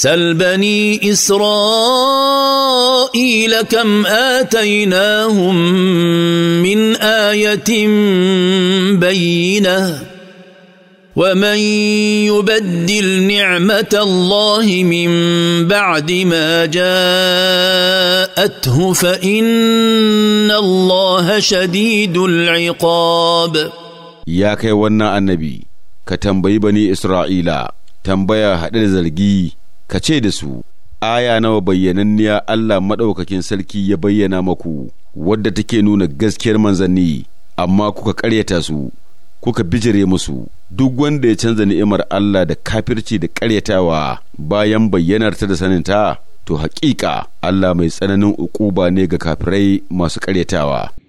سل بني اسرائيل كم اتيناهم من ايه بينه ومن يبدل نعمه الله من بعد ما جاءته فان الله شديد العقاب يا كي ونا النبي كتنبي بني اسرائيل تنبيه هذا الزلقي ka ce da su aya nawa bayyananniya Allah maɗaukakin sarki ya bayyana maku wadda take nuna gaskiyar manzanni amma kuka ƙaryata su kuka bijire musu duk wanda ya canza ni'imar Allah da kafirci da ƙaryatawa bayan bayyanar ta da saninta to haƙiƙa Allah mai tsananin uquba ne ga kafirai masu ƙaryatawa